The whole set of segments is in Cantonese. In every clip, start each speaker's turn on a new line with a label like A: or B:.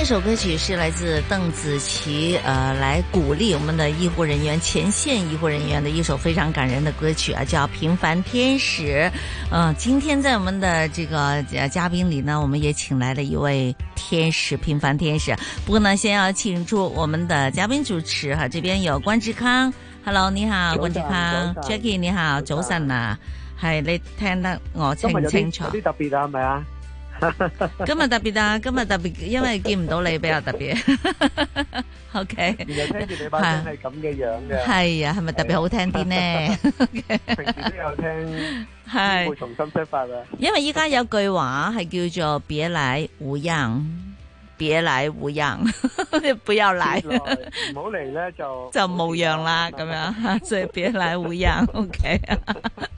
A: 這首歌曲是來自鄧紫棋，呃，來鼓勵我們的醫護人員、前線醫護人員的一首非常感人的歌曲啊，叫《平凡天使》。嗯，今天在我們的這個嘉賓裏呢，我們也請來了一位天使——平凡天使。不過呢，先要請出我們的嘉賓主持哈、啊，這邊有關志康。Hello，你好，上關志康。Jackie，上你好，早晨上啊，係你聽得我聽唔清楚？有啲坐
B: 特別啊，係咪啊？
A: 今日特別啊！今日特別，因為見唔到你比較特別。OK，日日聽住你把聲係
B: 咁嘅樣嘅，係啊，係咪特別好聽
A: 啲呢？ okay, 平時都有聽，係 重新出發啊！因為依家有句話係叫做別來無恙。別來無恙， 不要來，唔好嚟咧就就無恙啦，咁 樣，所以別來無恙。 o okay K，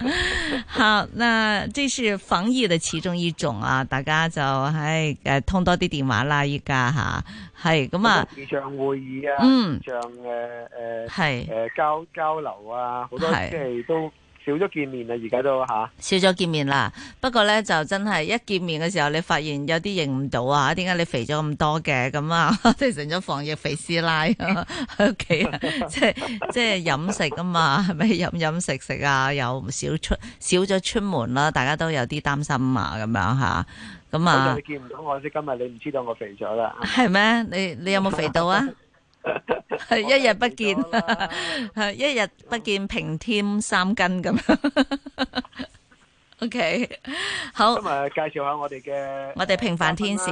A: 好，那這是防疫嘅其中一種啊，大家就喺誒、哎、通多啲電話啦，依家吓，係咁啊。
B: 視像會議啊，視像嘅，誒係誒交交流啊，好多即係都。少咗見面啦，而家都
A: 吓，少咗見面啦。不過咧，就真係一見面嘅時候，你發現有啲認唔到啊。點解你肥咗咁多嘅？咁啊，即係成咗防疫肥師奶喺屋企啊，即係 即係飲食啊嘛，係咪飲飲食食啊？又少出少咗出門啦，大家都有啲擔心啊，咁樣吓，咁啊。你見
B: 唔到我，即係今日你唔知道我肥咗啦。係
A: 咩？你你有冇肥到啊？ 係 一日不見，一日不見平添三斤咁。 o、okay,
B: K，好，今日介紹下我哋嘅，我哋平凡天使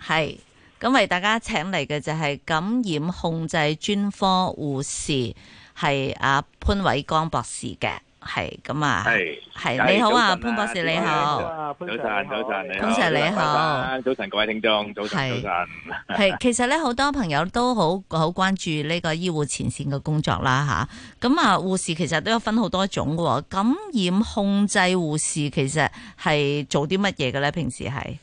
A: 係咁為大家請嚟嘅就係感染控制專科護士係阿潘偉剛博士嘅。係咁啊！係係，你好啊，潘博士你好。
C: 早晨，早晨，早晨，潘 Sir 你好。早晨，各位聽眾，早晨。早晨。係
A: 其實咧，好多朋友都好好關注呢個醫護前線嘅工作啦，吓咁啊，護士其實都有分好多種嘅。感染控制護士其實係做啲乜嘢嘅咧？平時係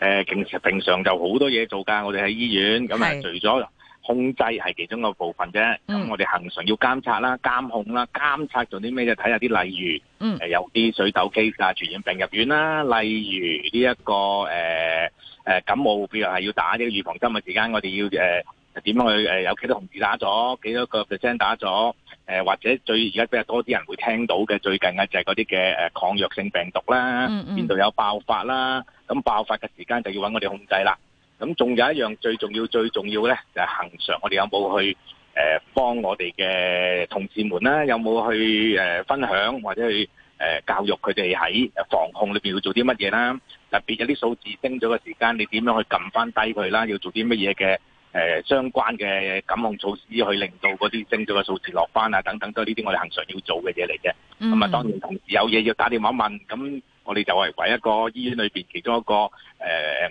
C: 誒，平時平常就好多嘢做噶。我哋喺醫院咁啊除咗。控制係其中一個部分啫，咁我哋行常要監察啦、監控啦、監察做啲咩嘅？睇下啲例如，誒、嗯呃、有啲水痘機水痘 case 啊、傳染病入院啦，例如呢、這、一個誒誒、呃、感冒，譬如係要打呢啲、這個、預防針嘅時間我們，我哋要誒點樣去誒、呃、有幾多同事打咗幾多個 percent 打咗？誒、呃、或者最而家比較多啲人會聽到嘅最近嘅就係嗰啲嘅誒抗藥性病毒啦，邊度、嗯嗯、有爆發啦？咁爆發嘅時間就要揾我哋控制啦。咁仲有一樣最重要、最重要咧，就係恒常。我哋有冇去誒幫我哋嘅同事們啦？有冇去誒分享或者去誒教育佢哋喺防控裏面要做啲乜嘢啦？特別有啲數字升咗嘅時間，你點樣去撳翻低佢啦？要做啲乜嘢嘅誒相關嘅感控措施，去令到嗰啲升咗嘅數字落翻啊！等等都係呢啲我哋恒常要做嘅嘢嚟嘅。咁啊，當然同時有嘢要打電話問，咁我哋就係為一個醫院裏邊其中一個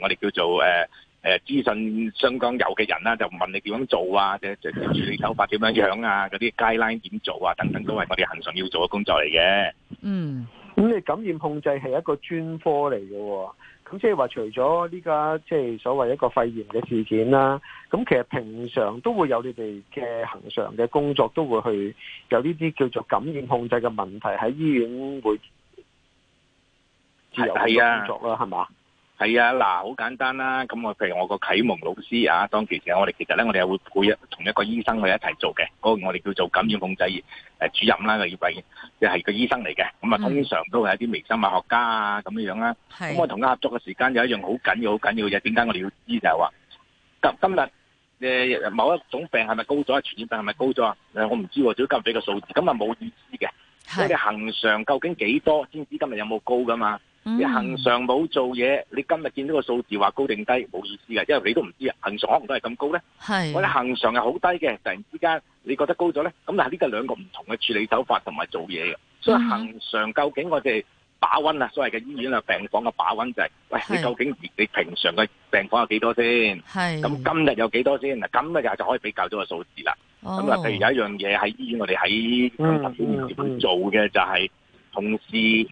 C: 我哋叫做誒、呃、資訊相關有嘅人啦、啊，就唔問你點樣做啊，或者處理手法點樣樣啊，嗰啲 guideline 點做啊，等等都係我哋恒常要做嘅工作嚟
B: 嘅。嗯，咁你感染控制係一個專科嚟嘅、啊，咁即係話除咗呢家即係所謂一個肺炎嘅事件啦、啊，咁其實平常都會有你哋嘅恒常嘅工作都會去有呢啲叫做感染控制嘅問題喺醫
C: 院會，有好多工作啦、啊，係嘛、啊？是吧係啊，嗱，好簡單啦、啊。咁我譬如我個啟蒙老師啊，當其時我哋其實咧，我哋係會配同一個醫生去一齊做嘅。嗰、那個我哋叫做感染控制誒主任啦，要為即係個醫生嚟嘅。咁啊，通常都係一啲微生物學家啊咁樣樣、啊、啦。咁是我同佢合作嘅時間有一樣好緊要、好緊要嘅嘢。點解我哋要知就係、是、話今今日誒某一種病係咪高咗啊？傳染病係咪高咗啊？我唔知、啊，只要今日俾個數字，今日冇意思嘅。我哋恒常究竟幾多先知今日有冇高㗎嘛？你恒常冇做嘢，你今日見到個數字話高定低冇意思嘅，因為你都唔知啊。恆常可能都係咁高咧，或者恒常又好低嘅，突然之間你覺得高咗咧，咁但係呢個兩個唔同嘅處理手法同埋做嘢嘅，所以恒常究竟我哋把溫啊，所謂嘅醫院啊、病房嘅把溫就係、是，是的 喂，你究竟你平常嘅病房有幾多先？咁是的 今日有幾多先？嗱，咁日就就可以比較咗個數字啦。咁啊，譬如有一樣嘢喺醫院，我哋喺咁十幾年嚟做嘅就係同事。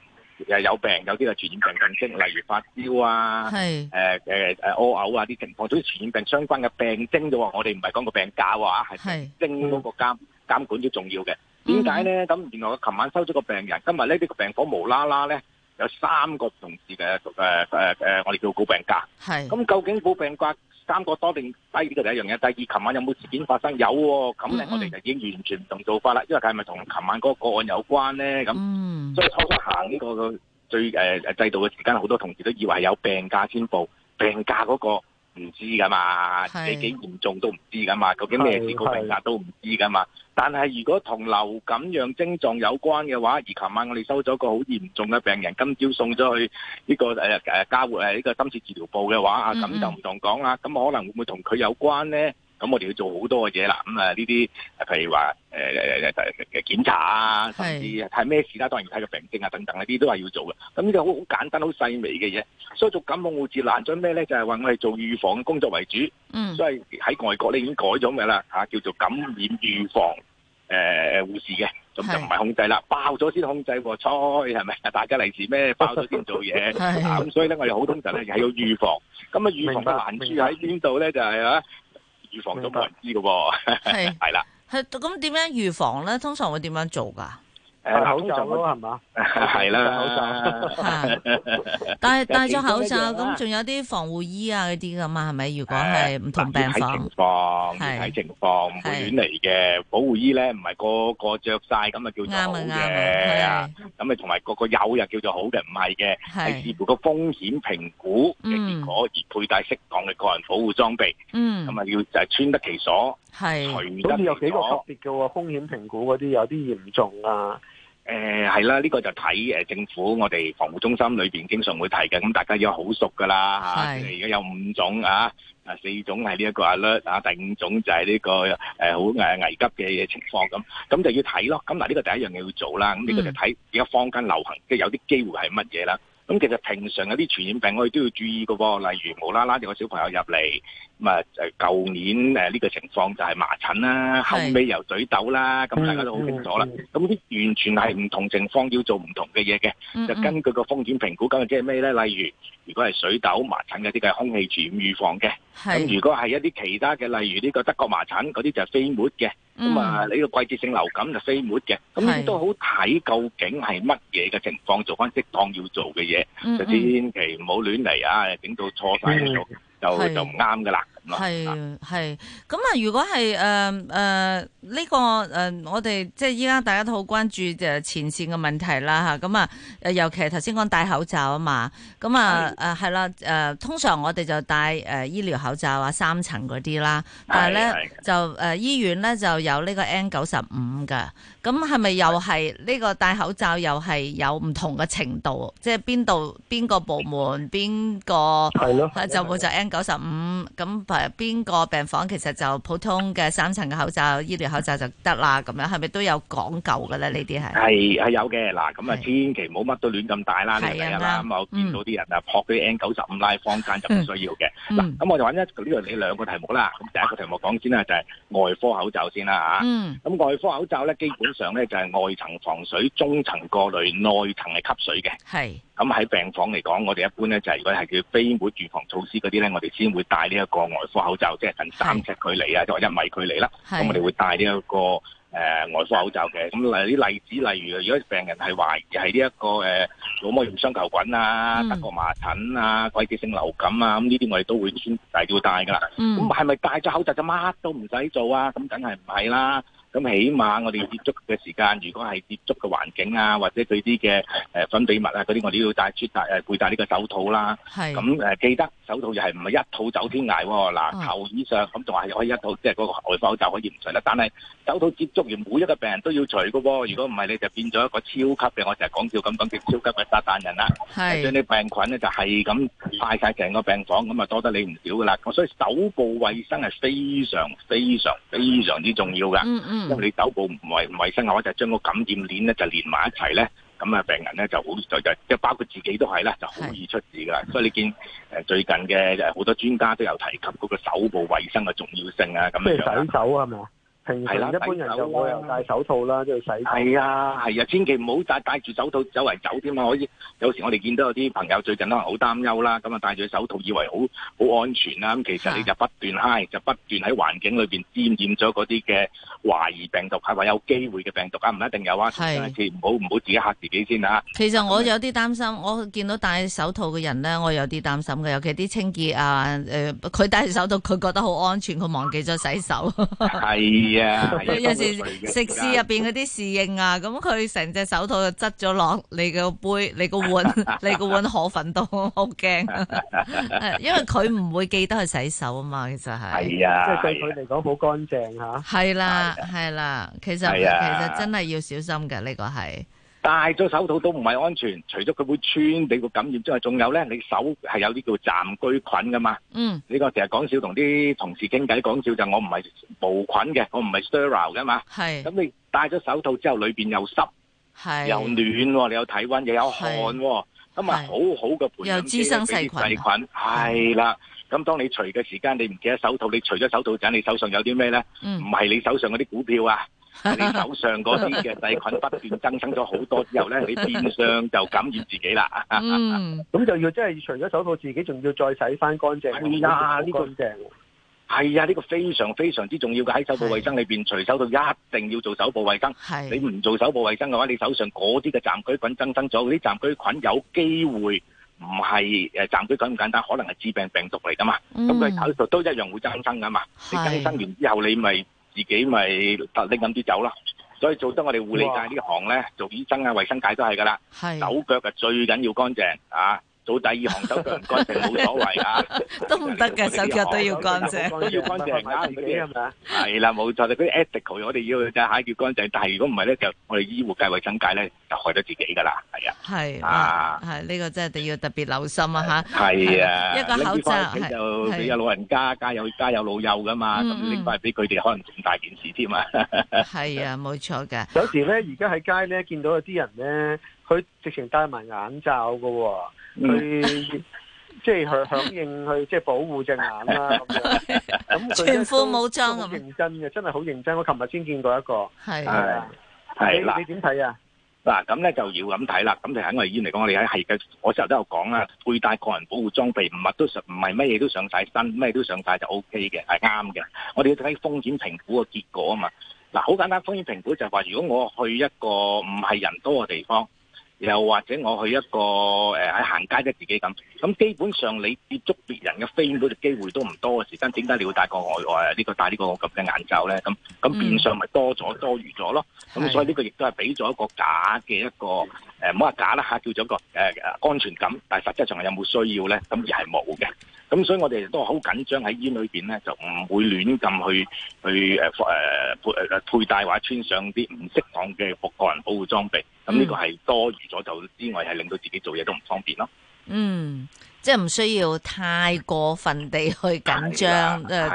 C: 誒，有病有啲係傳染病病徵，例如發燒啊，係誒誒誒，屙嘔啊啲情況，總之傳染病相關嘅病徵啫。我哋唔係講個病假啊，係徵嗰個監監管都重要嘅。點解咧？咁、嗯、原來我琴晚收咗個病人，今日呢啲、這個病房無啦啦咧有三個同事嘅誒誒誒，我哋叫高病假。係，咁究竟高病假，三個多定低二嘅第一樣嘢，第二，琴晚有冇事件發生？有咁、哦、咧，我哋就已經完全唔同做法啦，因為佢係咪同琴晚嗰個，個案有關咧？咁，所以初初行呢個最、呃、制度嘅時間，好多同事都以為係有病假先報病假嗰、嗰個。唔知噶嘛，你幾嚴重都唔知噶嘛，究竟咩事個病壓都唔知噶嘛。但係如果同流感樣症狀有關嘅話，而琴晚我哋收咗個好嚴重嘅病人，今朝送咗去呢個誒誒加護誒呢個深切治療部嘅話，啊，咁就唔同講啦。咁可能會唔會同佢有關咧？咁我哋要做好多嘅嘢啦，咁啊呢啲，譬如話誒誒誒檢查啊，甚至睇咩事啦，當然要睇個病徵啊，等等呢啲都係要做嘅。咁呢啲好好簡單，好細微嘅嘢，所以做感冒護士難在咩咧？就係，是，話我哋做預防工作為主，嗯、所以喺外國咧，已經改咗嘅啦，叫做感染預防誒護、呃、士嘅，咁就唔係控制啦，是爆咗先控制喎、啊，吹係咪？大家嚟自咩？爆咗先做嘢，咁 是所以咧，我哋好通常咧係 要預防。
A: 咁啊預防嘅難處喺邊
C: 度咧？就係啊。預防都唔
A: 知噶噃，係的，係啦 了，係，咁點樣預防咧？通常會點樣做噶。誒，口
C: 罩咯係嘛？係啦，戴戴咗口罩咁，仲有啲
A: 防護衣啊嗰啲噶嘛係咪？如果係唔同病房，睇情況，睇
C: 情況，唔會亂嚟嘅。防護衣咧唔係個個着晒咁啊叫做好嘅，咁啊同埋個個有又叫做好嘅，唔係嘅，係視乎個風險評估嘅結果而佩戴適當嘅個人防護裝備。咁啊要就係穿得其所，除得其所。好似有幾個級別嘅喎，風險評估嗰啲有啲嚴重啊。誒，係啦、嗯，呢、這個就睇誒，政府我哋防護中心裏邊經常會提嘅，咁大家要好熟噶啦吓，而家是有五種啊，四種係呢一個啊略，啊第五種就係呢、這個誒好誒危急嘅嘢情況咁，咁就要睇咯。咁嗱呢個第一樣嘢要做啦，咁呢個就睇而家坊間流行即係、嗯、有啲機會係乜嘢啦。咁其實平常有啲傳染病我哋都要注意噶，例如無啦啦有個小朋友入嚟。咁啊，就舊年誒呢個情況就係麻疹啦，後尾又水痘啦，咁是、嗯、大家都好清楚啦。咁啲、嗯嗯、完全係唔同情況要做唔同嘅嘢嘅，嗯嗯、就根據個風險評估，究竟即係咩咧？例如，如果係水痘、麻疹嗰啲，就係空氣傳染預防嘅。咁是如果係一啲其他嘅，例如呢個德國麻疹嗰啲，就飛沫嘅。咁啊、嗯，呢個季節性流感就飛沫嘅。咁你、嗯、都好睇究竟係乜嘢嘅情況，做翻適當要做嘅嘢，嗯嗯、就千祈唔好亂嚟啊，整到錯晒。嗯嗯就是就唔啱噶啦。
A: 係啊，係。咁啊，如果係誒誒呢個誒、呃，我哋即係依家，大家都好關注誒前線嘅問題啦，吓咁啊，尤其係頭先講戴口罩啊嘛，咁啊誒係的、啊、啦，誒、啊、通常我哋就戴誒、啊、醫療口罩啊，三層嗰啲啦。但係咧的就誒、啊、醫院咧就有呢個 N 九十五嘅，咁係咪又係呢個戴口罩又係有唔同嘅程度？是的即係邊度邊個部門邊個係咯的、啊？就會就 N 九十五咁。邊個病房其實就普通嘅三層嘅口罩、醫療口罩就得啦，咁樣係咪都有講究嘅咧？呢啲係係係有
C: 嘅，嗱咁啊，千祈唔好乜都亂咁戴啦，的你明唔明啊？咁我見到啲人啊，撲啲 N 九十五拉坊間就唔需要嘅。嗱、嗯，咁、嗯、我就搵一呢度，你兩個題目啦。咁第一個題目講先啦，就係、是、外科口罩先啦啊。咁、嗯、外科口罩咧，基本上咧就係外層防水、中層過濾、內層係吸水嘅。係。咁喺、嗯、病房嚟講，我哋一般咧就係如果係叫飛沫預防措施嗰啲咧，我哋先會戴呢一個外科口罩，即係近三尺距離啊，即係是一米距離啦。咁是我哋會戴呢、這、一個、呃、外科口罩嘅。咁例啲例子，例如如果病人係懷疑係呢一個誒腦膜炎雙球菌啊、德國、嗯、麻疹啊、季節性流感啊，咁呢啲我哋都會先大要戴噶啦。咁係咪戴咗口罩就乜都唔使做啊？咁梗係唔係啦？咁起碼我哋接觸嘅時間，如果係接觸嘅環境啊，或者佢啲嘅誒分泌物啊嗰啲，我哋要帶出帶誒，攜帶呢個手套啦。係是。咁誒記得手套又係唔係一套走天涯喎、啊？嗱、嗯，頭以上咁仲係可以一套，即係嗰個外罩就可以唔除啦。但係手套接觸完每一個病人都要除嘅喎。如果唔係，你就變咗一個超級嘅，我成日講笑咁，講極超級嘅殺彈人啦、啊。係是。將啲病菌咧就係咁帶晒成個病房，咁啊多得你唔少嘅啦。咁所以手部衛生係非常非常非常之重要㗎、嗯。嗯嗯。因為你手部唔衛唔衛生嘅話，就係將個感染鏈咧就連埋一齊咧，咁啊病人咧就好就就即係包括自己都係呢，就好易出事噶。的所以你見最近嘅好多專家都有提及嗰個手部衛生嘅重要性啊，咁樣樣。洗手啊，係咪啊？係啦，是的一般人有，我有戴手套啦，都、啊、要洗。係啊，係啊，千祈唔好戴戴住手套走嚟走添啊！可以，有時我哋見到有啲朋友最近可能好擔憂啦，咁啊戴住手套以為好好安全啦，咁其實你就不斷嗨，就的不斷喺環境裏邊沾染咗嗰啲嘅懷疑病毒，係話有機會嘅病毒啊，唔一定有啊。係的，唔好唔好自己吓自己先啊！其實我
A: 有啲擔心，我見到戴手套嘅人咧，我有啲擔心嘅，尤其啲清潔啊，誒、呃，佢戴住手套佢覺得好安全，佢忘記咗洗手。係
C: 的。 Yeah, 有時食肆入邊
A: 嗰啲侍應啊，咁佢成隻手套就執咗落你個杯、你個碗、 你個碗河粉都，好驚、啊。 因為佢唔會記得去洗手啊嘛，其實係。係啊、哎，即係對
B: 佢嚟講好乾淨嚇。係
A: 啦，係啦，其實、哎、呀其實真係要小心㗎呢、呢個係。戴
C: 咗手套都唔係安全，除咗佢會穿你個感染之外，仲有咧，你手係有啲叫暫居菌噶嘛？嗯，呢個成日講笑同啲同事傾偈講笑就我唔係無菌嘅，我唔係 sterile 嘅嘛。係是，咁你戴咗手套之後，裏邊又濕
B: 是又暖，
C: 哦，你有體溫又有汗，咁啊好好嘅培養，滋生細菌，細菌係啦。咁當你除嘅時間，你唔記得手套，你除咗手套之後，你手上有啲咩咧？唔係、嗯、你手上嗰啲股票啊。 你手上嗰啲嘅細菌不斷增生咗好多之後咧，你變相就感染自己啦 、
B: 嗯。咁 就要即係除咗手套自己，仲要再洗翻
C: 乾淨。係啊，呢個乾淨。係啊，呢個非常非常之重要嘅喺手部衛生裏邊，除是手套一定要做手部衛生。是你唔做手部衛生嘅話，你手上嗰啲嘅暫居菌增生咗，啲暫居菌有機會唔係誒暫居菌咁簡單，可能係致病病毒嚟噶嘛。咁佢、嗯、手度都一樣會增生噶嘛。你增生完之後，是你咪。自己咪特拎飲啲酒啦，所以做得我哋護理界呢行咧，哇做醫生啊、衛生界都係噶啦，手腳啊最緊要乾淨啊！做第二行手腳唔乾淨冇所謂㗎，
A: 都唔得嘅手腳都要乾淨，都要乾淨係啱
C: 自己係嘛？係啦，冇錯，你嗰啲 ethical 我哋要真係要乾淨，但係如果唔係咧，就我哋醫護界衛生界咧，就害咗自己㗎啦，係啊，
A: 係啊，係呢個真係要特別留心啊吓，係啊，一個口罩，就你有老
C: 人家、家有家有老幼㗎嘛，咁拎翻俾佢哋，可能仲大件事添
A: 啊。係啊，冇錯嘅。有
C: 時咧，而
B: 家喺街咧見到有啲人咧，佢直情戴埋眼罩㗎喎。去、嗯、即係響應去即係保護隻眼啦，咁全副武裝咁認真嘅，真係好認真。我
C: 琴日先見過一個，
B: 係係啦。你點睇啊？
C: 嗱，咁咧就要咁睇啦。咁就喺我哋醫院嚟講，我哋喺係嘅。我之後都有講啦，佩戴個人保護裝備，唔係都上，唔係咩嘢都上晒身、OK，咩都上晒就 O K 嘅，係啱嘅。我哋要睇風險評估嘅結果啊嘛。嗱、啊，好簡單，風險評估就係話，如果我去一個唔係人多嘅地方。又或者我去一個誒，喺行街啫自己咁，咁基本上你接觸別人嘅飛率嘅機會都唔多嘅時間，點解你要戴個外外呢、呢個戴呢個咁嘅眼罩咧？咁咁變相咪多咗多餘咗咯。咁所以呢個亦都係俾咗一個假嘅一個誒，唔好話假啦吓，叫咗一個誒、呃、安全感，但係實際上係有冇需要咧？咁而係冇嘅。咁、嗯、所以我哋都好緊張喺醫院裏邊咧，就唔會亂咁去去誒誒佩誒佩戴或者穿上啲唔適當嘅防個人保護裝備。咁呢個係多餘咗就之外，係令到自己做嘢都唔方便咯。嗯。
A: 即係唔需要太過分地去緊張，呢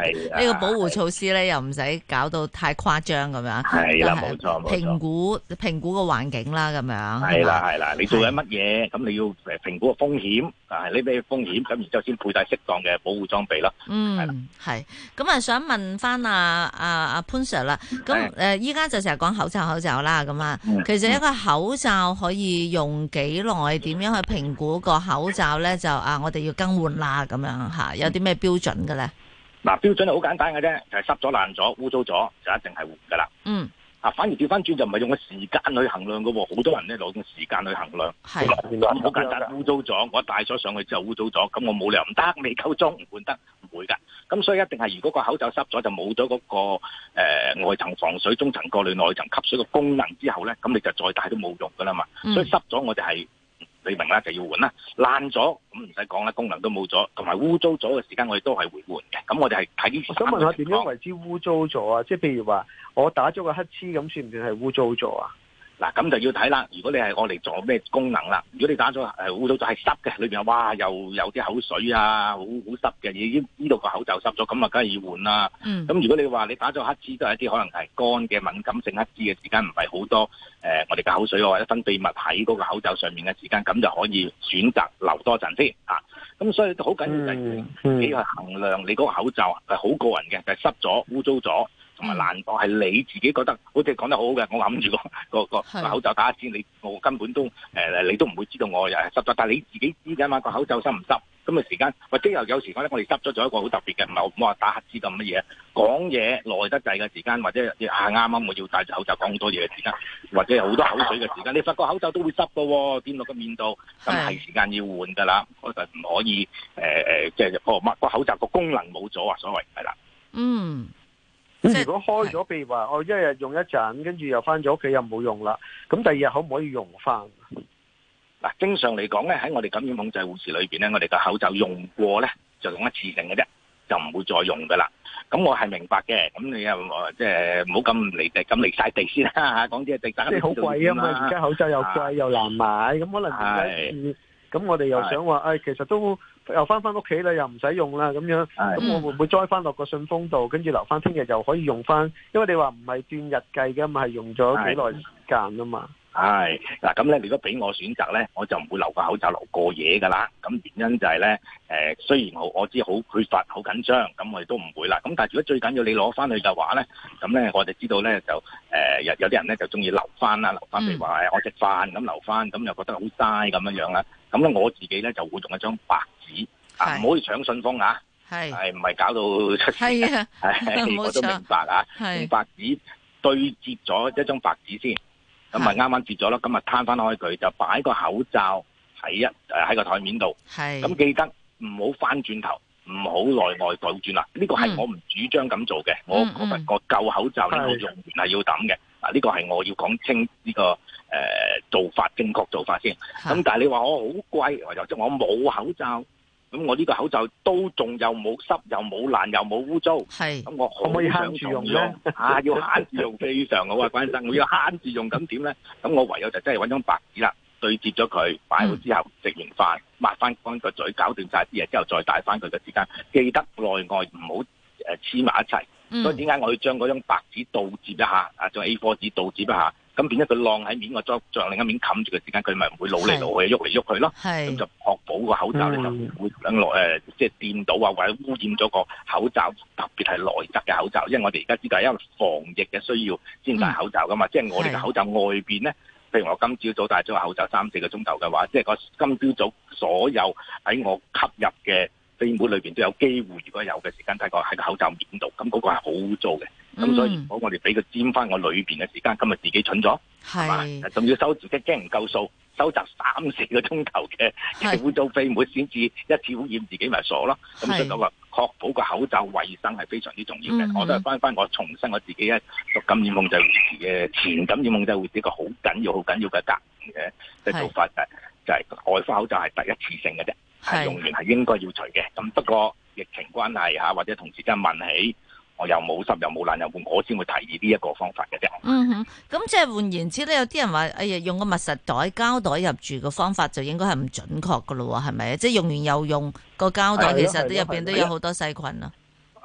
A: 個保護措施咧又唔使搞到太誇張咁樣。係冇錯冇錯，評估評估個環境啦咁樣。係啦係啦，你
C: 做緊乜嘢？咁你要評估個風險，係呢啲風險，咁然之後先配戴適當嘅保護裝備咯。嗯，
A: 係。咁啊，想問翻阿阿阿潘 Sir 啦，咁誒依家就成日講口罩口罩啦咁啊，其實一個口罩可以用幾耐？點樣去評估個口罩咧？就啊～啊、我哋要更換啦，咁樣吓，有啲咩標準嘅咧？
C: 嗱、啊，標準好簡單嘅啫，就係濕咗、爛咗、污糟咗，就一定係換噶啦。
A: 嗯，
C: 啊，反而調翻轉就唔係用個時間去衡量噶，好多人咧攞個時間去衡量。係好簡單，污糟咗，我戴咗上去之後污糟咗，咁我冇理由唔得，未夠鐘，唔換得，唔會噶。咁所以一定係，如果個口罩濕咗，就冇咗嗰個誒、呃、外層防水、中層過濾、內層吸水嘅功能之後咧，咁你就再戴都冇用噶啦嘛。嗯、所以濕咗，我哋係。你明啦，就要換啦。爛咗咁唔使講啦，功能都冇咗，同埋污糟咗嘅時間，我哋都係會換嘅。咁我哋係睇。我想問下，點樣
B: 為之污糟咗啊？即係譬如話，我
C: 打咗個乞嗤咁，算唔算係污糟咗啊？嗱咁就要睇啦，如果你係我哋做咩功能啦，如果你打咗誒污糟咗係濕嘅，裏面，啊哇又有啲口水啊，好好濕嘅，已經呢度個口罩濕咗，咁啊梗係要換啦。咁、嗯、如果你話你打咗黑痣，都係一啲可能係乾嘅敏感性黑痣嘅時間唔係好多，誒、呃、我哋嘅口水或者分泌物喺嗰個口罩上面嘅時間，咁就可以選擇留多陣先啊。咁所以好緊要就係、是嗯嗯、你要衡量你嗰個口罩好過人嘅，就係、是、濕咗污糟咗。同埋、嗯、難度係你自己覺得，好似講得好好嘅，我諗住、那個是個口罩打乞嗤，你我根本都誒、呃，你都唔會知道我誒濕咗。但係你自己知㗎嘛個口罩濕唔濕？咁嘅時間，或者又有時覺得我哋濕咗，咗一個好特別嘅，唔係唔好話打乞嗤咁乜嘢。講嘢耐得滯嘅時間，或者啊啱啱我要戴住口罩講好多嘢嘅時間，或者有好、啊、多，多口水嘅時間，你發覺口罩都會濕嘅喎、哦，墊落個面度咁係時間要換㗎啦。的我就唔可以誒誒，即係個口罩個功能冇咗啊？所謂係啦，嗯。
B: 咁如果開咗譬如話，我、哦、一日用一陣，跟住又翻咗屋企又冇用啦。咁第二日可唔可以用翻？
C: 嗱，正常嚟講咧，喺我哋感染控制護士裏邊咧，我哋個口罩用過咧就用一次性嘅啫，就唔會再用噶啦。咁我係明白嘅。咁你又、呃、即係唔好咁離地咁離晒地先啦，講啲地即係即係好貴啊嘛！而家口罩又貴、啊、又難買，
B: 咁可能咁、哎嗯、我哋又想話，誒、哎，哎、其實都。又翻翻屋企啦，又唔使用啦，咁樣，咁的我會唔會栽翻落個信封度，跟住留翻聽日又可以用翻？因為你話唔
C: 係轉日計㗎嘛，係用咗幾耐時間啊的嘛。係嗱，咁咧，如果俾我選擇咧，我就唔會留個口罩留過夜噶啦。咁原因就係、是、咧，誒、呃，雖然好，我知好缺乏，好緊張，咁我哋都唔會啦。咁但係如果最緊要你攞翻去嘅話咧，咁咧我就知道咧，就誒、呃、有有啲人咧就中意留翻啦，留翻譬、嗯、如話我食飯咁留翻，咁又覺得好嘥，咁樣樣啦。咁咧我自己咧就會用一張白紙，唔是、啊、可以搶信封啊，係唔係搞到出事？係，我都明白啊，是用白紙對接咗一張白紙先。咁咪啱啱折咗咯，咁咪是攤翻開佢，就擺個口罩喺一誒喺個台面度。係是，咁記得唔好翻轉頭，唔好內外倒轉啦。呢個係我唔主張咁做嘅、嗯。我覺得個舊口罩咧，是你用完係要抌嘅。呢個係我要講清呢個呃做法，正確做法先。咁是但係你話我好貴，或者我冇口罩。咁我呢個口罩都仲又冇濕，又冇爛，又冇污糟，係咁是我可唔可以慳住用咧？用 啊，要慳住用，非常好啊，關生，我要慳住用，咁點咧？咁我唯有就真係搵張白紙啦，對接咗佢，擺好之後食完飯抹翻乾個嘴，搞掂晒啲嘢之後再戴翻佢嘅時間，記得內外唔好誒黐埋一齊。嗯、所以點解我要將嗰張白紙倒接一下？啊，張 A4 紙倒接一下，咁變咗佢晾喺面個側，我再用另一面冚住嘅時間，佢咪唔會老嚟老去，喐嚟喐去咯。係咁是就嗰、嗯、個口罩咧就會令內誒即係掂到啊，或者污染咗個口罩，特別係內側嘅口罩，因為我哋而家知道係因為防疫嘅需要先戴口罩噶嘛，即係、嗯、我哋嘅口罩外邊咧，的譬如我今朝早戴咗個口罩三四個鐘頭嘅話，即係個今朝早所有喺我吸入嘅。飛沫裏邊都有機會，如果有嘅時間，大概喺個口罩面度，咁嗰個係好污糟嘅。咁、嗯、所以，如果我哋俾佢佔翻我裏邊嘅時間，咁咪自己蠢咗，係嘛是？仲要收自己驚唔夠數，收集三四個鐘頭嘅污糟飛沫，先至是一次污染自己咪傻咯。咁是所以嗰個確保個口罩衛生係非常之重要嘅。嗯、我都係翻翻我重申我自己讀一讀感染控制護士嘅前感染控制護士呢個好緊要、好緊要嘅隔嘅嘅做法、就是，是就係外科口罩係第一次性嘅啫。係是用完係應該要除嘅。咁不過疫情關係吓，或者同時間問起，我又冇濕又冇爛，又換我先會提議呢一個
A: 方法嘅啫。嗯哼，咁即係換言之咧，有啲人話，哎呀，用個密實袋膠袋入住嘅方法就應該係唔準確噶咯，係咪啊？即係用完又用個膠袋，其實都入邊都有好多細菌啦。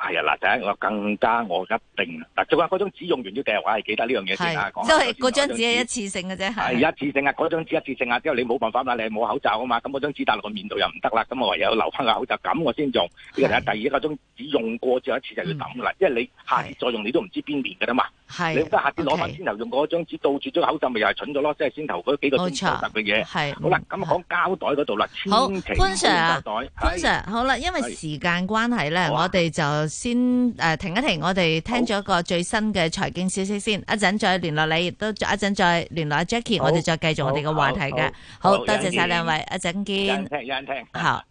C: 係啊，嗱，第一我更加我一定，嗱，仲有嗰張紙用完咗嘅，我係記得呢樣嘢先啊，講下都係嗰張紙係一次
A: 性嘅啫，係。係一
C: 次性啊，嗰張紙一次性啊，之後你冇辦法嘛，你係冇口罩啊嘛，咁嗰張紙戴落個面度又唔得啦，咁我唯有留翻個口罩，咁我先用。呢個第一，第二嗰張紙用過之後一次就要抌啦，因為你下次再用你都唔知邊面嘅啦嘛。你得下啲攞埋先頭用嗰張紙倒住張口罩，咪又係蠢咗咯？即係先頭嗰幾個冇錯嘅嘢。係好啦，咁講膠袋嗰度啦，千祈唔好袋。潘 sir
A: 好啦，因為時間關係咧，我哋就先誒停一停，我哋聽咗個最新嘅財經消息先。一陣再聯絡你，都一陣再聯絡阿 Jackie，我哋再繼續我哋嘅話題嘅。好多謝晒兩位，一陣見。有人聽，有人聽。好。